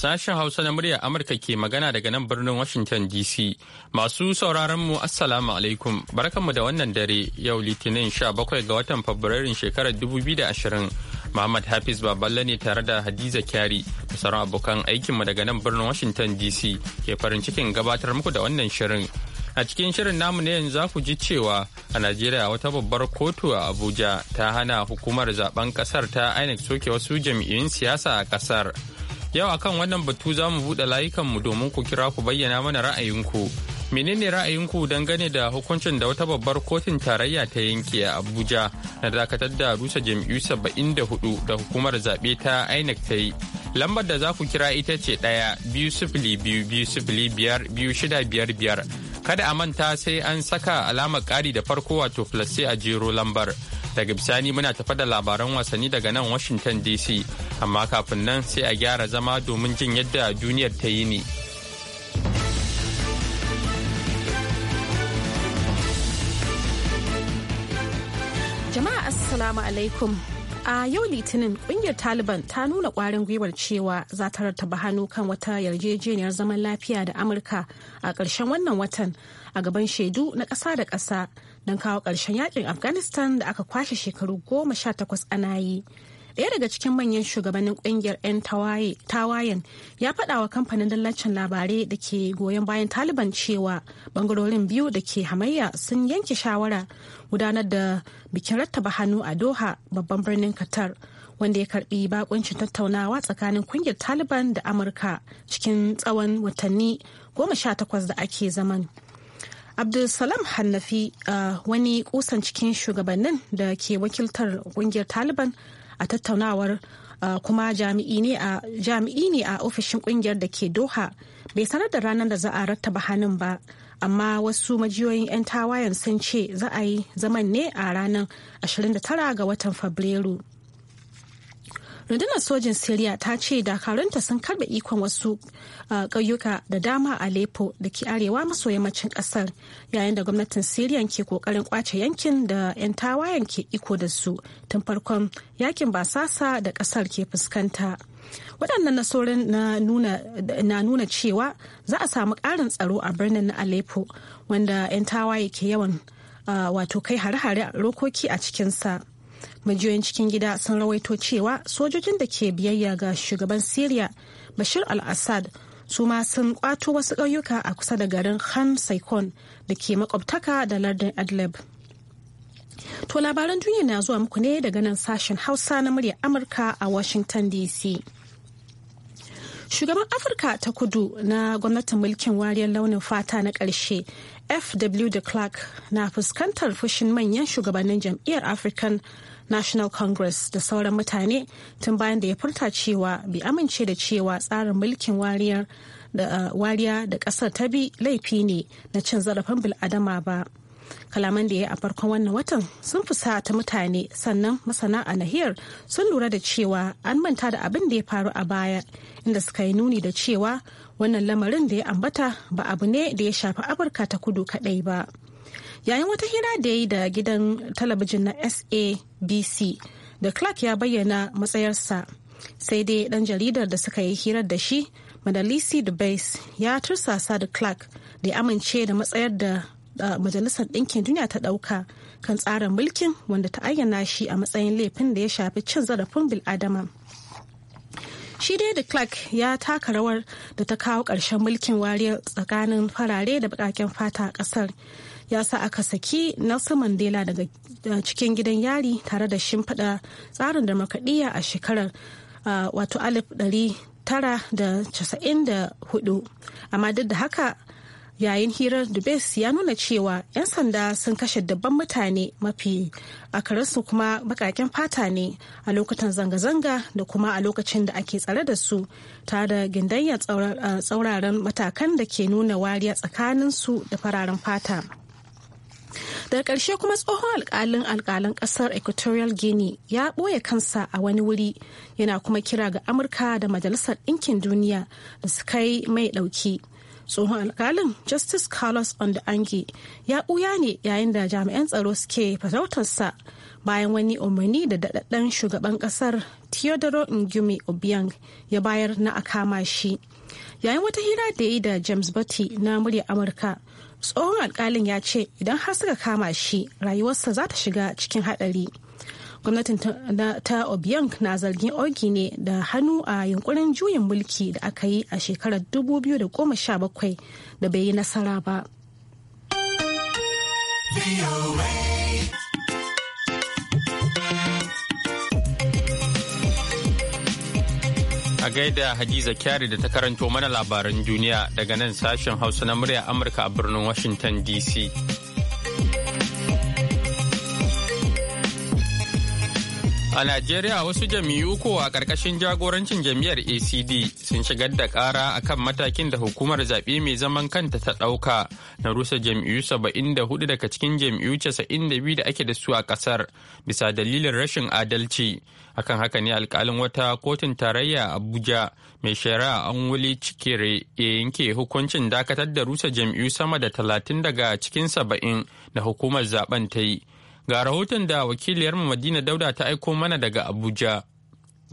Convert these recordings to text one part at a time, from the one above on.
Sashen Hausa na muryar Amurka ke magana daga nan birnin Washington DC. Masu sauraron mu Assalamu alaikum. Barkanmu da wannan dare yau Litinin 17 ga watan Fabrairun shekarar 2020. Muhammad Hafiz Baballe ne tare da Hadiza Kyari da sauran abokan aikinmu daga nan birnin Washington DC ke farin cikin gabatar muku da wannan shirin. A cikin shirin namu ne yanzu za ku ji cewa a Najeriya wata babbar kotu a Abuja ta hana hukumar zaben kasar ta INEC soke wasu jam'iyyun siyasa a kasar. Yau a kan wannan batu za mu buɗe layukanmu domin ku kira ku bayyana mana ra'ayinku. Menene ra'ayinku dangane da hukuncin da wata babbar kotun tarayya ta yanke a Abuja na dakatar da rusa jam'iyyu saba'in da hudu da hukumar zaɓe ta INEC ta yi. Lambar da za ku kira ita ce ɗaya biyu sifili biyu biyu sifili biyar biyu shida biyar biyar. Kada a manta sai an saka alamar ƙari da farko wato plus sai a jero lambar. Daga bisani muna tafa da labaran wasanni daga nan Washington DC, amma kafin nan sai a gyara zama domin jin yadda duniyar ta yi ne. Jama'a Assalamu alaikum. A yau Litinin kungiyar Taliban ta nuna kwarin gwiwar cewa za ta rattaba hannu kan wata yarjejeniyar zaman lafiya da Amurka a ƙarshen wannan watan a gaban shaidu na ƙasa da ƙasa don kawo ƙarshen yakin afghanistan da aka kwashe shekaru goma sha takwas ana yi ɗaya daga cikin manyan shugabannin ƙungiyar 'yan tawayen ya faɗa wa kamfanin dallacin labarai da ke goyon bayan taliban cewa bangarorin biyu da ke hamayya sun yanke shawara gudanar da bikin rattaba hannu a doha babban birnin qatar wanda ya karbi bakuncin tattaunawa tsakanin ƙungiyar taliban da amurka cikin tsawon watanni goma sha takwas da ake zaman abdulsalam hannafi wani kusan cikin shugabannin da ke wakiltar kungiyar taliban a tattaunawar kuma jami'i ne a ofishin kungiyar da ke doha bai sanar da ranar da za a rattaba hannun ba amma wasu majiyoyin 'yan tawayen sun ce za a yi zaman ne a ranar 29 ga watan fabrairu rundunar sojin syria ta ce dakarunta sun karbe ikon wasu ƙauyuka da dama a aleppo da ke arewa maso yammacin ƙasar yayin da gwamnatin syria ke ƙoƙarin kwace yankin da 'yan tawayen ke iko da su tun farkon yakin basasa da ƙasar ke fuskanta waɗannan nasorin na nuna cewa za a samu ƙarin tsaro a birnin na aleppo wanda 'yan tawaye ke yawan wato kai hare-hare rokoki a cikinsa. majiyoyin cikin gida sun rawaito cewa sojojin da ke biyayya ga shugaban syria bashir al-assad su ma sun kwato wasu ƙauyuka a kusa da garin han saikon da ke makwabtaka da lardin adlib to labaran duniya na zuwa muku ne daga nan sashen hausa na murya amurka a washington dc shugaban afirka ta kudu na gwamnatin mulkin wariyar launin fata na ƙarshe fw de clark na fuskantar fushin manyan shugabannin jam'iyyar african national congress da sauran mutane tun bayan da ya furta cewa bai amince da cewa tsarin mulkin eh, wariya da kasar ta bi laifi ne na cin zarafin bil'adama ba kalaman da ya a farkon wannan watan sun fusata mutane sannan masana a nahiyar sun lura da cewa an manta da abin da ya faru a baya inda suka yi nuni da cewa wannan lamarin da ya ambata ba abu ne da ya shafi amurka ta kudu kadai ba. yayin wata hira da ya yi da gidan talabijin na sabc da clark ya bayyana matsayarsa sai dai dan jaridar da suka yi hirar da shi madalisi dubais ya tursasa da clark da ya amince da matsayar da majalisar ɗinkin duniya ta ɗauka kan tsarin mulkin wanda ta ayyana shi a matsayin laifin da ya shafi cin zarafin bil'adama shi dai da clark ya taka rawar da ta kawo ƙarshen mulkin wariyar tsakanin farare da baƙaƙen fata a ƙasar ya sa aka saki Nelson Mandela daga cikin gidan yari tare da shimfiɗa tsarin demokradiyya a shekarar wato 1994 amma duk da haka yayin hirar dubes ya nuna cewa 'yan sanda sun kashe dabban mutane mafi akarinsu kuma bakaken fata ne a lokutan zanga-zanga da kuma a lokacin da ake tsare da su tare da gindayyar tsauraran matakan da ke nuna wariya tsakaninsu da fararen fata. da ƙarshe kuma tsohon alkalin alkalin ƙasar equatorial guinea ya ɓoye kansa a wani wuri yana kuma kira ga amurka da majalisar ɗinkin duniya da su kai mai ɗauki tsohon alkalin justice carlos ange ya ɓuya ne yayin da jami'an tsaro suke sa bayan wani umarni da daɗaɗɗen shugaban ƙasar theodore ngumi obiang ya bayar na a kama shi yayin wata hira da yi da james batty na murya amurka tsohon alkalin ya ce idan har suka kama shi rayuwarsa za ta shiga cikin hadari gwamnatin ta obiang na zargin ogi ne da hannu a yunkurin juyin mulki da aka yi a shekarar 2017 da bai yi nasara ba. A gaida Hadiza Kyari da ta karanto mana labaran duniya daga nan sashen Hausa na murya Amurka a birnin Washington DC. A Najeriya wasu jam'iyyu ko a ƙarƙashin jagorancin jam'iyyar ACD sun shigar da ƙara akan matakin da hukumar zabe mai zaman kanta ta ɗauka na rusa jam'iyyu 74 daga cikin jam'iyyu 92 da ake da su a ƙasar bisa dalilin rashin adalci. Akan haka ne alkalin wata kotun tarayya Abuja mai shari'a an wuli cikere ya yanke hukuncin dakatar da rusa jam'iyyu sama da 30 daga cikin 70 da hukumar zaben ta yi. Ga rahoton da wakiliyarmu Madina Dauda ta aiko mana daga Abuja.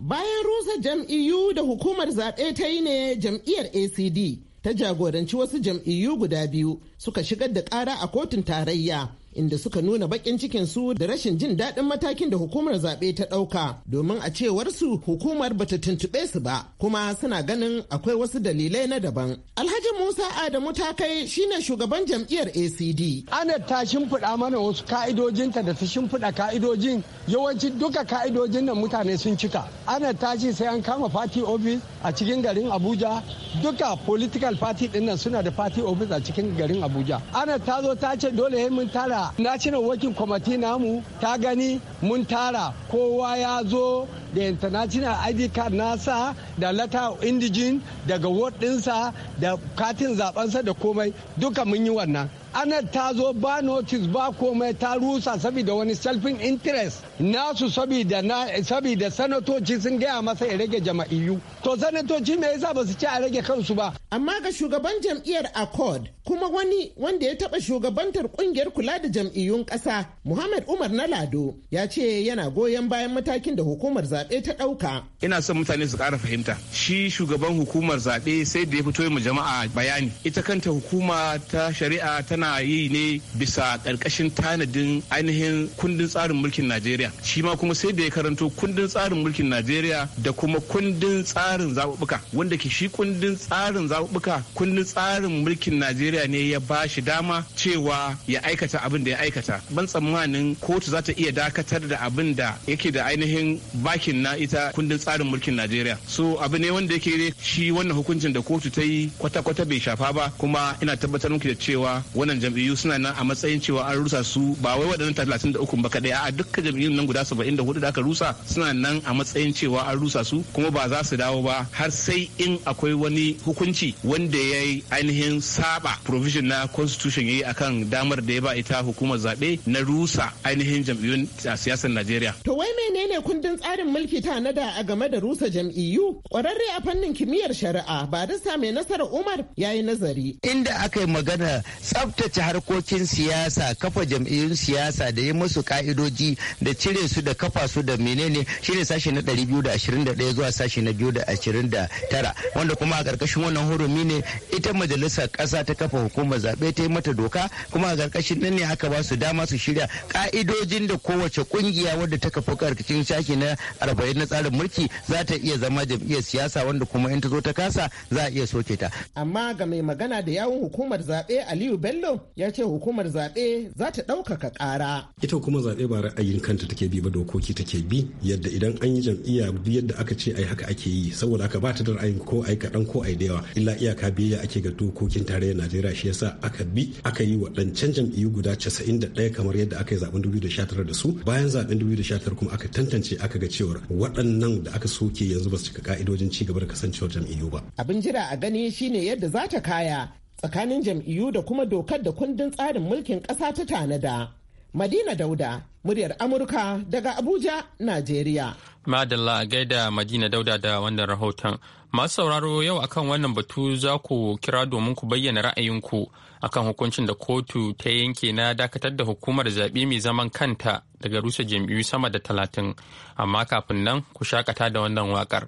Bayan rusa jam'iyyu da hukumar zaɓe ta yi ne jam'iyyar ACD ta jagoranci wasu jam'iyyu guda biyu suka shigar da ƙara a kotun tarayya inda suka nuna bakin cikin su da rashin jin daɗin matakin da hukumar zaɓe ta ɗauka domin a cewar su hukumar bata tuntuɓe su ba kuma suna ganin akwai wasu dalilai na daban. Alhaji Musa Adamu ta kai shine shugaban jam'iyyar ACD. Ana ta shimfida mana wasu ka'idojinta da ta shimfiɗa ka'idojin yawanci duka ka'idojin nan mutane sun cika. Ana ce sai an kama party office a cikin garin Abuja duka political party ɗin nan suna da party office a cikin garin Abuja. Ana ta zo ta ce dole mun tara national working committee namu ta gani mun tara kowa ya zo da international id card nasa da lata indigin daga ward ɗinsa da katin zabensa da komai duka mun yi wannan ana ta zo ba notis ba komai ta rusa saboda wani selfin interest nasu saboda sanatoci sun gaya masa ya rage jama'iyu to sanatoci me yasa ba su ci a rage kansu ba amma ga shugaban jam'iyyar accord kuma wani wanda ya taba shugabantar kungiyar kula da jam'iyyun kasa muhammad umar na lado ya ce yana goyon bayan matakin da hukumar zaɓe ta ɗauka ina son mutane su ƙara fahimta shi shugaban hukumar zaɓe sai da ya fito ma jama'a bayani ita kanta hukuma ta shari'a tana ana yi ne bisa ƙarƙashin tanadin ainihin kundin tsarin mulkin najeriya shi ma kuma sai da ya karanto kundin tsarin mulkin najeriya da kuma kundin tsarin zaɓuɓɓuka wanda ke shi kundin tsarin zaɓuɓɓuka kundin tsarin mulkin najeriya ne ya ba shi dama cewa ya aikata abin da ya aikata ban tsammanin kotu za ta iya dakatar da abin da yake da ainihin bakin na ita kundin tsarin mulkin najeriya so abu ne wanda yake shi wannan hukuncin da kotu ta yi kwata-kwata bai shafa ba kuma ina tabbatar muku da cewa wannan jam'iyyu suna nan a matsayin cewa an rusa su ba wai waɗannan talatin da uku ba kaɗai a dukkan jam'iyyun nan guda saba'in da hudu da aka rusa suna nan a matsayin cewa an rusa su kuma ba za su dawo ba har sai in akwai wani hukunci wanda ya yi ainihin saba provision na constitution ya yi akan damar da ya ba ita hukumar zaɓe na rusa ainihin jam'iyyun a siyasar Najeriya. To wai menene kundin tsarin mulki ta nada a game da rusa jam'iyyu? Ƙwararre a fannin kimiyyar shari'a ba da mai nasarar Umar ya yi nazari. Inda aka yi magana tsaf tsabtace harkokin siyasa kafa jam'iyyun siyasa da yi musu ka'idoji da cire su da kafa su da menene shine sashi na 221 zuwa sashi na 229 wanda kuma a ƙarƙashin wannan hurumi ne ita majalisar ƙasa ta kafa hukumar zaɓe ta yi mata doka kuma a ƙarƙashin nan ne aka ba su dama su shirya ka'idojin da kowace ƙungiya wadda ta kafa ƙarƙashin sashi na 40 na tsarin mulki za ta iya zama jam'iyyar siyasa wanda kuma in ta zo ta kasa za a iya soke ta. Amma ga mai magana da yawun hukumar zaɓe Aliyu Bello Bello ya ce hukumar zaɓe za ta ɗaukaka ƙara. Ita hukumar zaɓe ba ra'ayin kanta take bi ba dokoki take bi yadda idan an yi jam'iyya yadda aka ce ai haka ake yi saboda aka ba ta da ra'ayin ko ai kaɗan ko ai da yawa illa iyaka biyayya ake ga dokokin tarayyar Najeriya shi yasa aka bi aka yi waɗancan jam'iyyu guda 91 kamar yadda aka yi zaɓen 2019 da su bayan zaben 2019 kuma aka tantance aka ga cewar waɗannan da aka soke yanzu ba su cika ka'idojin ci gaba da kasancewar jam'iyyu ba. Abin jira a gani shine yadda za ta kaya tsakanin jam'iyyu da kuma dokar da kundin tsarin mulkin ƙasa ta tanada. Madina Dauda, muryar Amurka daga Abuja, Najeriya. Madalla gaida Madina Dauda da wannan rahoton. Masu sauraro yau akan wannan batu za ku kira domin ku bayyana ra'ayinku akan hukuncin da kotu ta yanke na dakatar da hukumar zaɓe mai zaman kanta daga rusa jam'iyyu sama da talatin. Amma kafin nan ku shakata da wannan waƙar.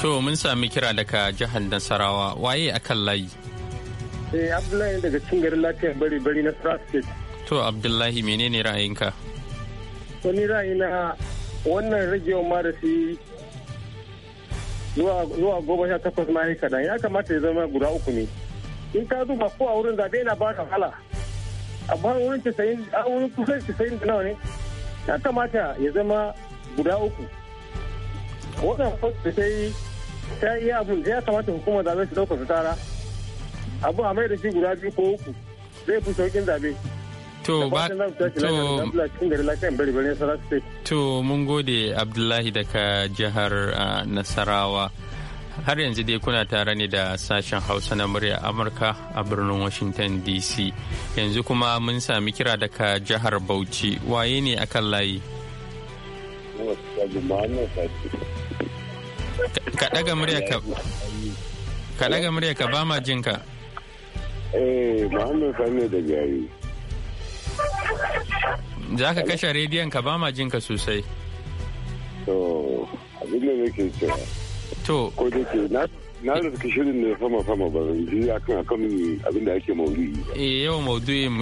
To mun sami kira daga jihar Nasarawa waye akan layi? Eh Abdullahi daga cin garin lafiyar bari bari na State. To Abdullahi menene ra'ayinka? Wani ra'ayina wannan ragewa ma da su zuwa goma sha takwas ma ya kaɗan ya kamata ya zama guda uku ne. In ka zuba ko a wurin zaɓe na ba ka hala A ba wurin tisayin a wurin kusan tisayin da nawa ne. Ya kamata ya zama guda uku. Wannan kwatsa sai ta yi abun da ya kamata hukumar zabe su ɗauka su tara abu a mai da shi guda biyu ko uku zai fi sauƙin zabe To ba to to mun gode Abdullahi daga jihar Nasarawa. Har yanzu dai kuna tare ne da sashen Hausa na murya Amurka a birnin Washington DC. Yanzu kuma mun sami kira daga jihar Bauchi. Waye ne akan layi? ka daga murya ka ka daga murya ka ba ma jin ka eh Muhammad Sani da jari za ka kashe rediyon ka ba ma jin ka sosai to abin da nake cewa to ko da ke na na da suka shirin ne fama fama ba zan ji akan akan abin da ake maudu'i eh yau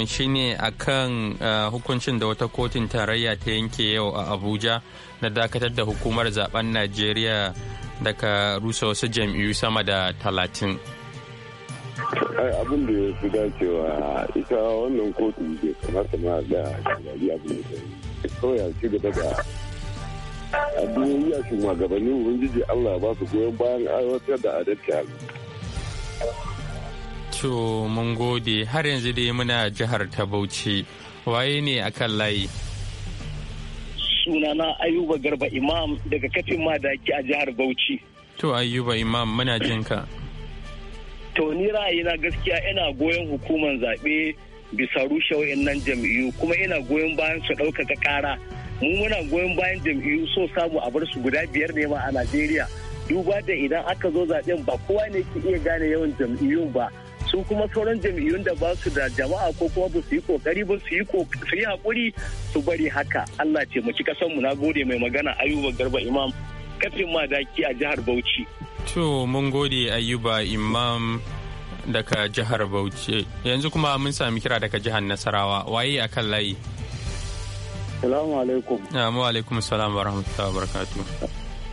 shi ne a kan eh, hukuncin da wata kotun tarayya ta yanke yau a Abuja na dakatar da hukumar zaben Najeriya daga rusa wasu jam'iyyu sama da talatin. abin da ya fi dacewa ita wannan kotu bai kamata ma da shugari abin da ya sauya ci gaba da addu'o'i a shugabannin ubangiji allah ba su goyon bayan aiwatar da adalci to mun gode har yanzu dai muna jihar ta bauchi waye ne akan layi sunana ayuba garba imam daga kafin madaki a jihar bauchi to ayuba imam muna jin ka. to ni ra'ayina gaskiya ina goyon hukumar zaɓe bisa rushe nan jam'iyyu kuma ina goyon bayan su ɗaukaka ƙara mu muna goyon bayan jam'iyyu so samu a bar su guda biyar ne ma a najeriya duba da idan aka zo zaɓen ba kowa ne ke iya gane yawan jam'iyyun ba su kuma sauran jam'iyyun da ba su da jama'a ko kuma ba su yi kokari ba su yi su hakuri su bari haka Allah ce mu kasan mu na gode mai magana Ayuba Garba Imam kafin ma madaki a jihar Bauchi to mun gode Ayuba Imam daga jihar Bauchi yanzu kuma mun sami kira daga jihar Nasarawa waye akan layi Salamu alaikum. mu alaikum salam wa rahmatullahi wa barakatu.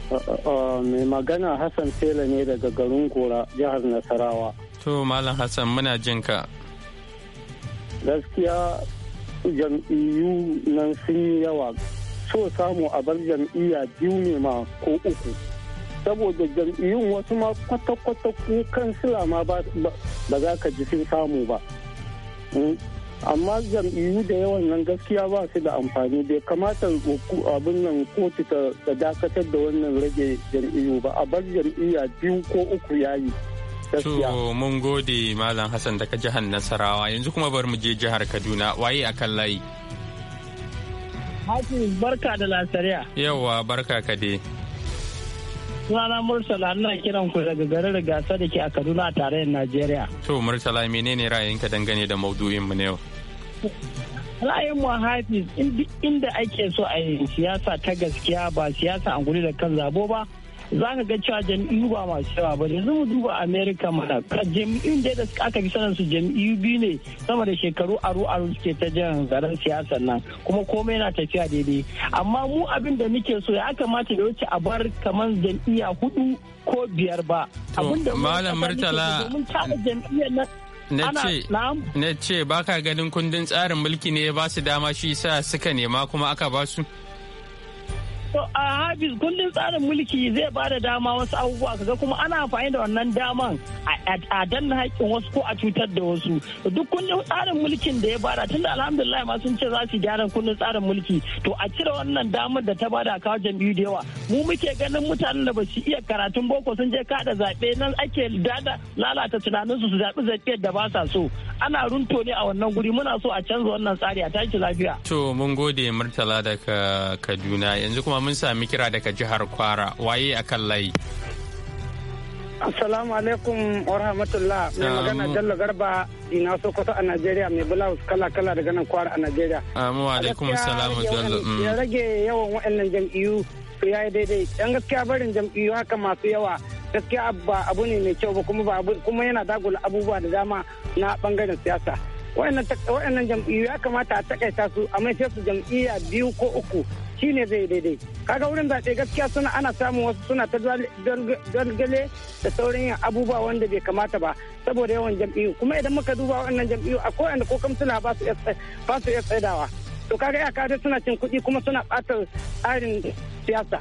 Uh, uh, mai magana Hassan Sela ne daga garin Gora, jihar Nasarawa. To, Malam Hassan muna jin ka. Gaskiya jam'iyyu nan sun yi yawa. So samu a bar jam'iyya biyu ne ma ko uku. Saboda jam'iyyun wasu ma kwata-kwata ko kansila ma ba za ka ji sun samu ba. Hmm? amma jam'iyyu da yawan nan gaskiya ba su da amfani bai kamata abin nan kotu ta dakatar da wannan rage jam'iyyu ba a bar jam'iyya biyu ko uku yayi To mun gode Malam Hassan daga jihar Nasarawa yanzu kuma bar mu je jihar Kaduna waye akan layi. barka da lasariya. Yawwa barka ka dai. sunana Murtala ina kiran ku daga garin gasa da ke a Kaduna a tarayyar Najeriya. To Murtala menene ra'ayinka dangane da maudu'in mu ne yau? Ra'ayin mu Hafiz inda ake so a yi siyasa ta gaskiya ba siyasa an da kan zabo ba za ka ga cewa jam'iyyu ba masu yawa ba yanzu mu duba america mana jam'iyyun da aka fi sanin su jam'iyyu biyu ne sama da shekaru aru aru suke ta jan zaren siyasar nan kuma komai na tafiya daidai amma mu abin da muke so ya kamata da wuce a bar kamar jam'iyya hudu ko biyar ba abin da murtala na ce ba ka ganin kundin tsarin mulki ne ya ba su dama shi sa suka nema kuma aka ba su to a habis kundin tsarin mulki zai ba da dama wasu abubuwa kaga kuma ana amfani da wannan daman a danna haƙƙin wasu ko a cutar da wasu duk kundin tsarin mulkin da ya bada tunda alhamdulillah ma sun ce za su gyara kundin tsarin mulki to a cire wannan damar da ta bada kawo jam'iyyu da yawa mu muke ganin mutanen da ba su iya karatun boko sun je kada zaɓe nan ake dada lalata tunaninsu su zaɓi zaɓe da ba sa so ana runto ne a wannan guri muna so a canza wannan tsari a tashi lafiya. to mun gode murtala daga kaduna yanzu kuma mun sami kira daga jihar Kwara waye a kan layi. Assalamu alaikum wa rahmatullah mai magana Jallo Garba ina so kusa a Najeriya mai wasu kala kala daga nan kwara a Najeriya. Amu alaikum salamu Jallo. Ya mm. rage yawan waɗannan jam'iyyu su yayi daidai. yan gaskiya barin jam'iyyu haka masu yawa gaskiya ba abu ne mai kyau ba kuma ba kuma yana dagula abubuwa da dama na bangaren siyasa. Waɗannan jam'iyyu ya kamata a takaita su a mai su jam'iyya biyu ko uku shi ne zai daidai kaga wurin zaɓe gaskiya suna ana samun wasu suna ta dalgale da sauran yin abubuwa wanda bai kamata ba saboda yawan jam'iyyu kuma idan muka duba wannan jam'iyyu a kowane ko suna ba su iya tsaidawa to kaga ya kada suna cin kuɗi kuma suna ɓatar tsarin siyasa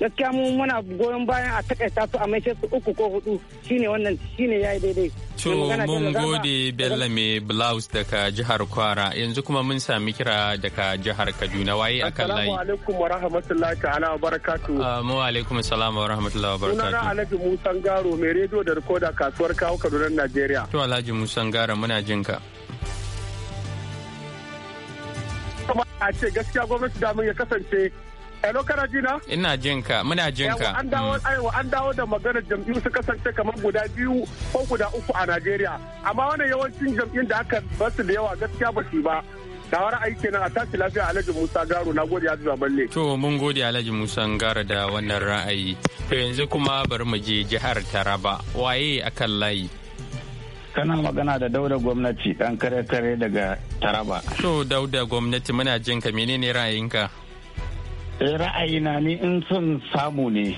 gaskiya mu muna goyon bayan a takaita su a maishe su uku ko hudu shine wannan shine yayi daidai to mun gode bella me blouse daga jihar kwara yanzu kuma mun sami kira daga jihar kaduna waye akan layi assalamu alaikum wa rahmatullahi ta'ala wa barakatuh ah, mu alaikum assalam wa rahmatullahi wa barakatuh sunana alhaji musan garo mai rediyo da rikoda kasuwar kawo kaduna najeriya to alhaji musan garo muna jin ka a ce gaskiya gwamnati damar ya kasance Hello kana ji Ina jin ka, muna jin ka. An dawo mm. an dawo da maganar jam'iyyu su kasance kamar guda biyu ko guda uku a Najeriya. Amma wannan yawancin jam'iyyun da aka basu da yawa gaskiya ba su ba. Tawar aiki nan a tashi lafiya Alhaji Musa Garo na gode Azu Balle. To mun gode Alhaji Musa Garo da wannan ra'ayi. To yanzu kuma bari mu je jihar Taraba. Waye akan layi? kana magana da dauda gwamnati dan kare kare daga Taraba. To dauda gwamnati muna jin ka menene ra'ayinka? ra'ayina ne in son samu ne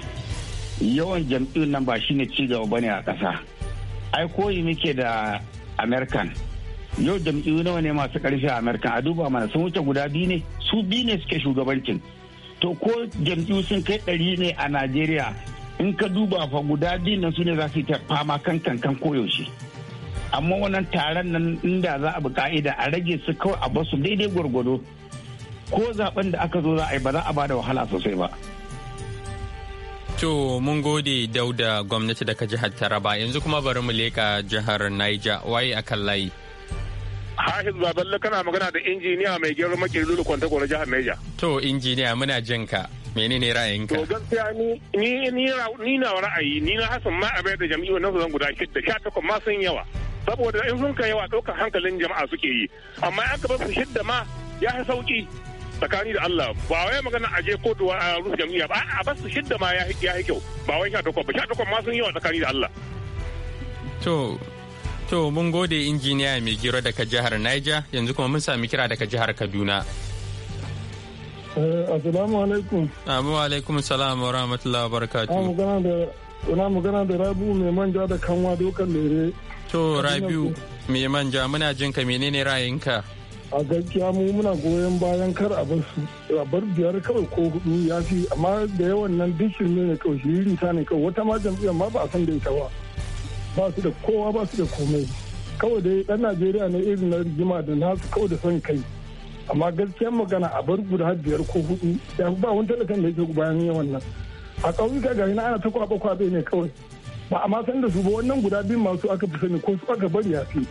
yawan jam'iyyun nan ba shine cigaba bane a ƙasa ai koyi muke da american yau jam'iyyu nawa ne masu ƙarfi a american a duba mana sun wuce guda biyu ne su biyu ne suke shugabancin to ko jam'iyyu sun kai ɗari ne a najeriya in ka duba fa guda biyu nan su ne za su yi ta fama kan kankan koyaushe amma wannan taron nan inda za a bi ka'ida a rage su kawai a basu daidai gwargwado ko zaben da aka zo za a yi ba za a bada wahala sosai ba. To mun gode dauda gwamnati daga jihar Taraba yanzu kuma bari mu leka jihar Niger waye akan layi. Hafiz Baballe kana magana da injiniya mai gero makirlu lulu kwanta gore jihar Niger. To injiniya muna jin ka menene ra'ayinka? To gaskiya ni ni ni ni na ra'ayi ni na hasan ma abai da jami'u na zan guda shidda sha takwas ma sun yawa. Saboda in sun kai yawa ɗaukar hankalin jama'a suke yi amma aka bar su shidda ma ya sauki tsakani da Allah ba wai magana a je kotu a rufe jam'iyya ba a basu shidda ma ya yi kyau ba wai sha takwas ba sha takwas ma sun wa tsakani da Allah. To to mun gode injiniya mai gero daga jihar Niger yanzu kuma mun sami kira daga jihar Kaduna. Eh, assalamu alaikum. Amu ah, alaikum salam wa rahmatullahi wa barakatuh. Ah, ina magana da Rabiu mai manja da kanwa dokan lere. To Rabiu mai manja muna jinka menene ra'ayinka? a gaskiya mu muna goyon bayan kar a bar su a bar biyar kawai ko hudu ya fi amma da yawan nan duk shirme ne kawai shiriri ta ne kawai wata ma jam'iyyar ma ba a san da ita ba ba su da kowa ba su da komai kawai dai dan najeriya ne irin na rigima da nasu kawai da son kai amma gaskiya magana a bar guda biyar ko hudu ya ba wani talakan da ya bayan yawan nan a ƙauyuka ga na ana ta kwaɓe kwaɓe ne kawai ba a ma san da su ba wannan guda biyu masu aka fi sani ko su aka bari ya fi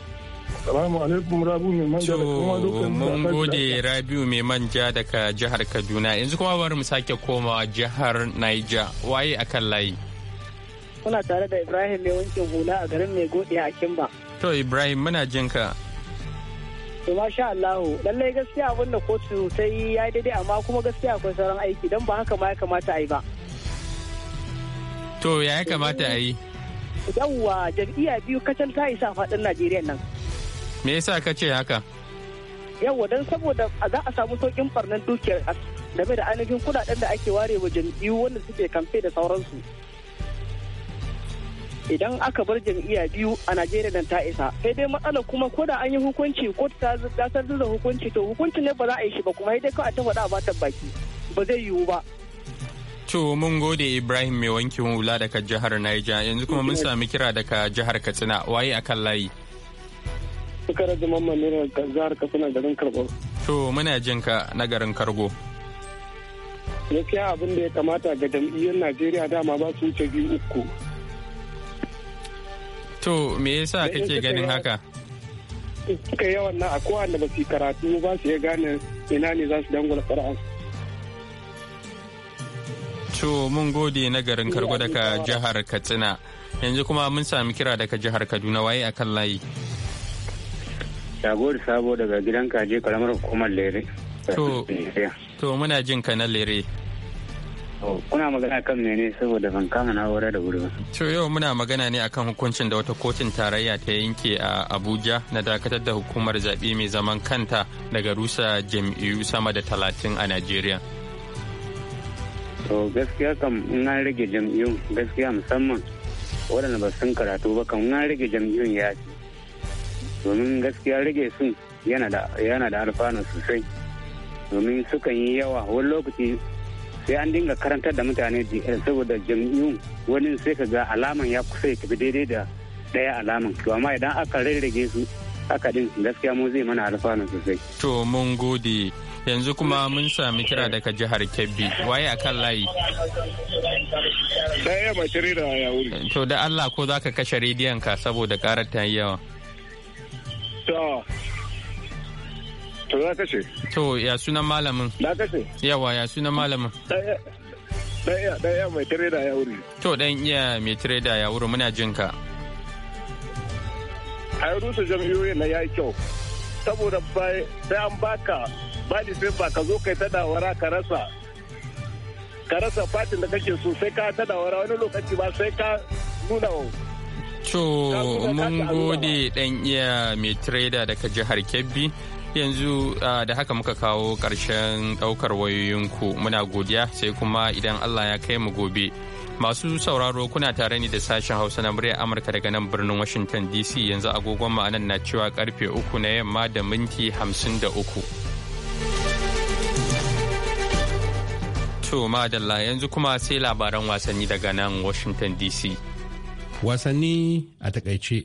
Salamu alaikum Rabiu mai manja da kuma lokacin mun gode Rabiu mai manja daga jihar Kaduna yanzu kuma bari mu sake koma jihar Niger waye akan layi. Muna tare da Ibrahim mai wankin hula a garin mai gode a Kimba. To Ibrahim muna jinka. ka. To masha Allah lallai gaskiya abin da kotu ta yi ya daidai amma kuma gaskiya akwai sauran aiki don ba haka ma ya kamata a yi ba. To ya kamata a yi? Yawwa jam'iyya biyu kacal ta isa faɗin Najeriya nan. me yasa ka ce haka yawa don saboda za a samu saukin farnan dukiyar game da ainihin kudaden da ake ware wa jam'iyyu wanda suke kamfe da sauransu idan aka bar jam'iyya biyu a najeriya dan ta isa sai dai matsalar kuma ko da an yi hukunci ko ta gasar da hukunci to hukuncin ne ba za a yi shi ba kuma dai kawai ta faɗa ba ta baki ba zai yiwu ba to mun gode ibrahim mai wankin hula daga jihar naija yanzu kuma mun sami kira daga jihar katsina waye akan layi Kakar da mamman ne da jihar Katsina garin Kargo. To muna jin ka na garin Kargo. Gaskiya abin da ya kamata ga jam'iyyar Najeriya dama ba su wuce biyu uku. To me yasa kake ganin haka? Suka yawan na a kowanne ba su karatu ba su ya gane ina ne za su dangula fara'a. to mun gode na garin kargo daga jihar katsina yanzu kuma mun sami kira daga jihar kaduna waye akan layi Shago da sabo daga gidan kaje karamar hukumar lere. To, muna jin ka na lere. Kuna magana kan mene saboda ban kama na'ura da wuri ba. To yau muna magana ne akan hukuncin da wata kotun tarayya ta yanke a Abuja na dakatar da hukumar zaɓe mai zaman kanta daga rusa jam'iyyu sama da talatin a Najeriya. to gaskiya kam na rage jam'iyyun gaskiya musamman waɗanda ba sun karatu ba kam na rage jam'iyyun ya ce domin gaskiya rage sun yana da alfanu sosai domin sukan yi yawa wani lokaci sai an dinga karantar da mutane saboda jam'iyyun wani sai ka ga alaman ya kusa ya tafi daidai da daya alaman to amma idan aka rarrage su haka din gaskiya mu zai mana alfanu sosai to mun gode yanzu kuma mun sami kira daga jihar kebbi waye a kan layi ya mace da ya wuri to da allah ko za ka kashe rediyon ka saboda karar ta yawa To. za ka kashe. To ya sunan malamin. ka kashe. Yawa ya sunan malamin. ɗaya mai tireda ya wuri. To ɗan iya mai tireda ya wuri muna jin ka. A yi rusa jam'iyyoyin na ya yi kyau. Saboda sai an baka bani sai ba ka zo kai ta dawara ka rasa. Ka rasa fatin da kake so sai ka ta dawara wani lokaci ba sai ka nuna To mun gode ɗan iya mai trader daga jihar Kebbi yanzu da haka muka kawo ƙarshen ɗaukar wayoyinku muna godiya sai kuma idan Allah ya kai mu gobe. Masu sauraro kuna tare ni da sashen Hausa na muryar Amurka daga nan birnin Washington DC yanzu agogon ma'anan na cewa karfe uku na yamma da minti hamsin da uku. To madalla yanzu kuma sai labaran wasanni daga nan Washington DC. wasanni a takaice.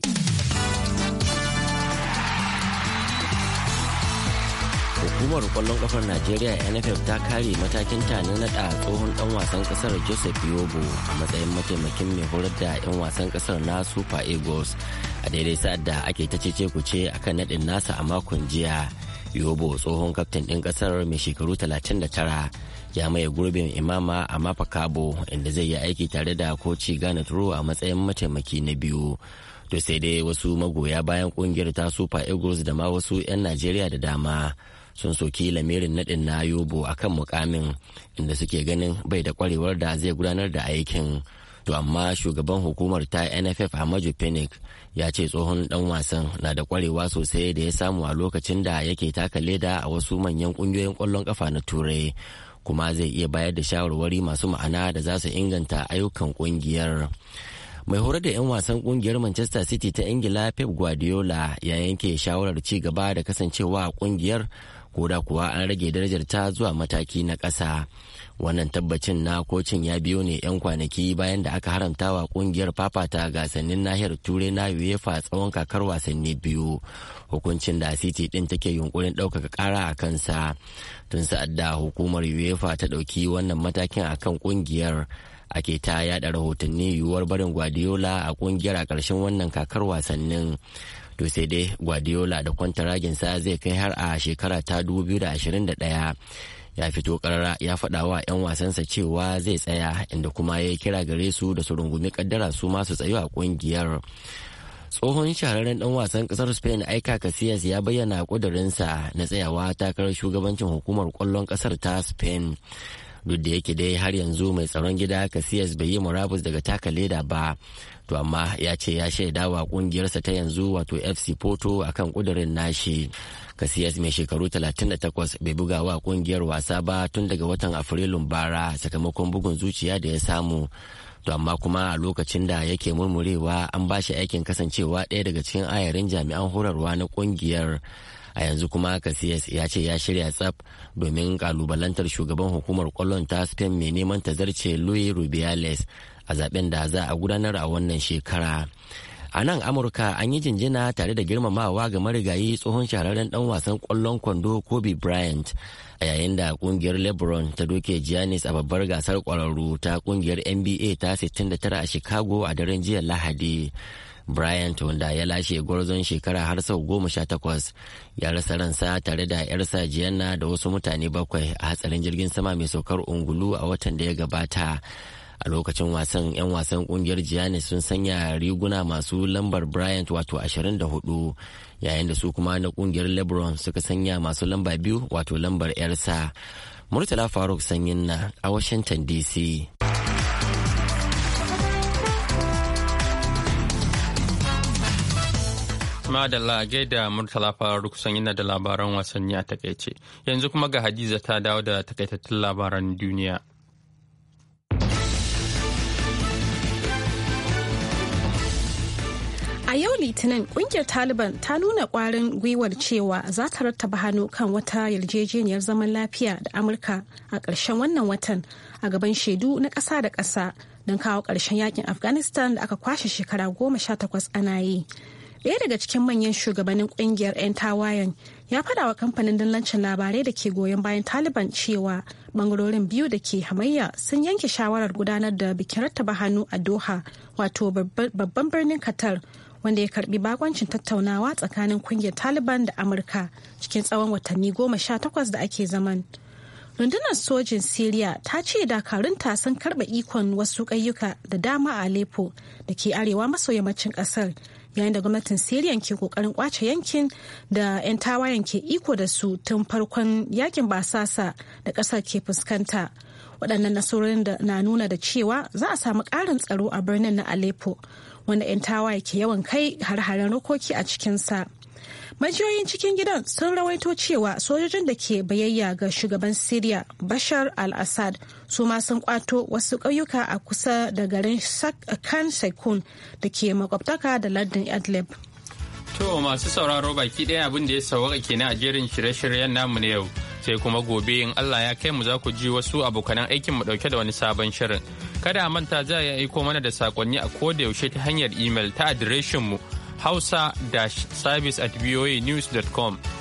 hukumar kwallon kafar najeriya nff ta kare matakin ta na nada tsohon dan wasan kasar joseph yobo a matsayin mataimakin mai horar da 'yan wasan kasar na super eagles a daidai sa'ad da ake ta cece kuce akan nadin nasa a makon jiya yobo tsohon kaftin din kasar mai shekaru 39 ya maye gurbin imama a mafa kabo inda zai yi aiki tare da koci gane turo a matsayin mataimaki na biyu to sai dai wasu magoya bayan kungiyar ta super eagles da ma wasu 'yan najeriya da dama sun soki lamirin nadin na yobo a kan mukamin inda suke ganin bai da kwarewar da zai gudanar da aikin to amma shugaban hukumar ta nff ahmadu phoenix ya ce tsohon dan wasan na da kwarewa sosai da ya samu a lokacin da yake taka leda a wasu manyan kungiyoyin kwallon kafa na turai kuma zai iya bayar da shawarwari masu ma'ana da za su inganta ayyukan kungiyar. mai horar da 'yan wasan kungiyar manchester city ta ingila pep guardiola ya yanke shawarar ci gaba da kasancewa a kungiyar ko da kuwa an rage darajar ta zuwa mataki na ƙasa wannan tabbacin na kocin ya biyo ne 'yan kwanaki bayan da aka haramta wa kungiyar fafata gasannin nahiyar turai na uefa tsawon kakar wasanni biyu hukuncin da city din take yunkurin ɗaukaka ƙara a kansa tun sa'ad da hukumar uefa ta ɗauki wannan matakin a akan kungiyar ake ta yada rahotanni yiwuwar barin guardiola a kungiyar a ƙarshen wannan kakar wasannin to sai dai guardiola da kwantaraginsa zai kai har a shekara ta 2021 ya fito karara ya faɗa wa 'yan wasansa cewa zai tsaya inda kuma ya yi kira gare su da su rungumi kaddara su masu tsayu a kungiyar tsohon shahararren dan wasan kasar spain aika casillas ya bayyana kudurinsa na tsayawa takarar shugabancin hukumar kwallon kasar ta spain duk da yake dai har yanzu mai tsaron gida kasiyas bai yi murabus daga taka leda ba to amma ya ce ya shaida wa kungiyarsa ta yanzu wato fc porto akan kudirin nashi kasiyas mai shekaru 38 bai buga wa kungiyar wasa ba tun daga watan afrilun bara sakamakon bugun zuciya da ya samu to amma kuma a lokacin da yake murmurewa an ba shi aikin kasancewa ɗaya daga cikin ayarin jami'an horarwa na kungiyar a yanzu kuma casillas ya ce ya shirya tsaf domin kalubalantar shugaban hukumar kwallon ta spain mai neman ta zarce louis rubiales a zaben da za a gudanar a wannan shekara a nan amurka an yi jinjina tare da girmamawa ga marigayi tsohon shahararren dan wasan kwallon kwando kobe bryant a yayin da kungiyar lebron ta doke giannis a babbar gasar kwararru ta kungiyar nba ta 69 a chicago a daren jiya lahadi bryant wanda ya lashe gwarzon shekara har sau goma sha takwas ya rasa ransa tare da yarsa jiyanna da wasu mutane bakwai a hatsarin jirgin sama mai saukar ungulu a watan da ya gabata a lokacin wasan 'yan wasan kungiyar giannis sun sanya riguna masu lambar bryant wato 24 yayin da su kuma na kungiyar lebron suka sanya masu lamba biyu wato lambar yarsa murtala faruk sanyin na a washington dc Madalla da Murtala fara rukusan yana da labaran wasanni a takaice. Yanzu kuma ga Hadiza ta dawo da takaitattun labaran duniya. A yau Litinin kungiyar Taliban ta nuna kwarin gwiwar cewa za ta rattaba hannu kan wata yarjejeniyar zaman lafiya da Amurka a ƙarshen wannan watan a gaban shaidu na ƙasa da ƙasa don kawo ƙarshen yakin Afghanistan da aka kwashe shekara goma sha takwas ana yi. ɗaya daga cikin manyan shugabannin ƙungiyar 'yan tawayen ya faɗawa wa kamfanin dillancin labarai da ke goyon bayan taliban cewa bangarorin biyu da ke hamayya sun yanke shawarar gudanar da bikin rattaba hannu a doha wato babban birnin qatar wanda ya karbi bakoncin tattaunawa tsakanin kungiyar taliban da amurka cikin tsawon watanni goma sha takwas da ake zaman rundunar sojin syria ta ce dakarunta sun karba ikon wasu ƙayyuka da dama a aleppo da ke arewa maso yammacin ƙasar yayin da gwamnatin syria ke kokarin kwace yankin da 'yan tawayen ke iko da su tun farkon yakin basasa da ƙasar ke fuskanta waɗannan nasarorin da na nuna da cewa za a samu ƙarin tsaro a birnin na aleppo wanda 'yan tawaye ke yawan kai har-haren rokoki a cikinsa majiyoyin cikin gidan sun rawaito cewa sojojin da ke bayayya ga shugaban siriya bashar al-assad su ma sun kwato wasu ƙauyuka a kusa da garin khan saikun da ke makwabtaka da lardin idlib to masu sauraro baki ɗaya abin da ya sauwaka kenan a jerin shirye-shiryen namu na yau sai kuma gobe in allah ya kai mu za ku ji wasu abokanan aikin mu ɗauke da wani sabon shirin kada a manta za a aiko mana da sakonni a ko da yaushe ta hanyar imel ta adireshin mu hausa-service at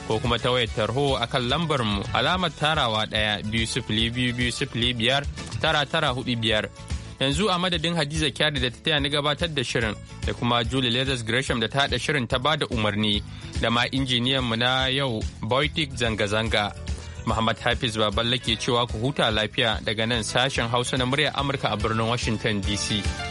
ko kuma ta wayar tarho a kan lambarmu alamar tarawa ɗaya biyu sifili biyu biyu sifili biyar tara tara hudu biyar. Yanzu a madadin Hadiza Kyari da ta taya ni gabatar da shirin da kuma Julie Leathers Gresham da ta haɗa shirin ta ba da umarni da ma injiniyan mu na yau Boytik zanga-zanga. Muhammad Hafiz Baballe ke cewa ku huta lafiya daga nan sashen Hausa na muryar Amurka a birnin Washington DC.